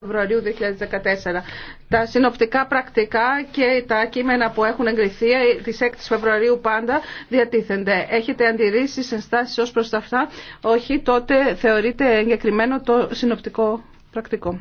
Φεβρουαρίου 2014. Τα συνοπτικά πρακτικά και τα κείμενα που έχουν εγκριθεί τη 6η Φεβρουαρίου πάντα διατίθενται. Έχετε αντιρρήσει, ενστάσει ω προ τα αυτά. Όχι, τότε θεωρείται εγκεκριμένο το συνοπτικό πρακτικό.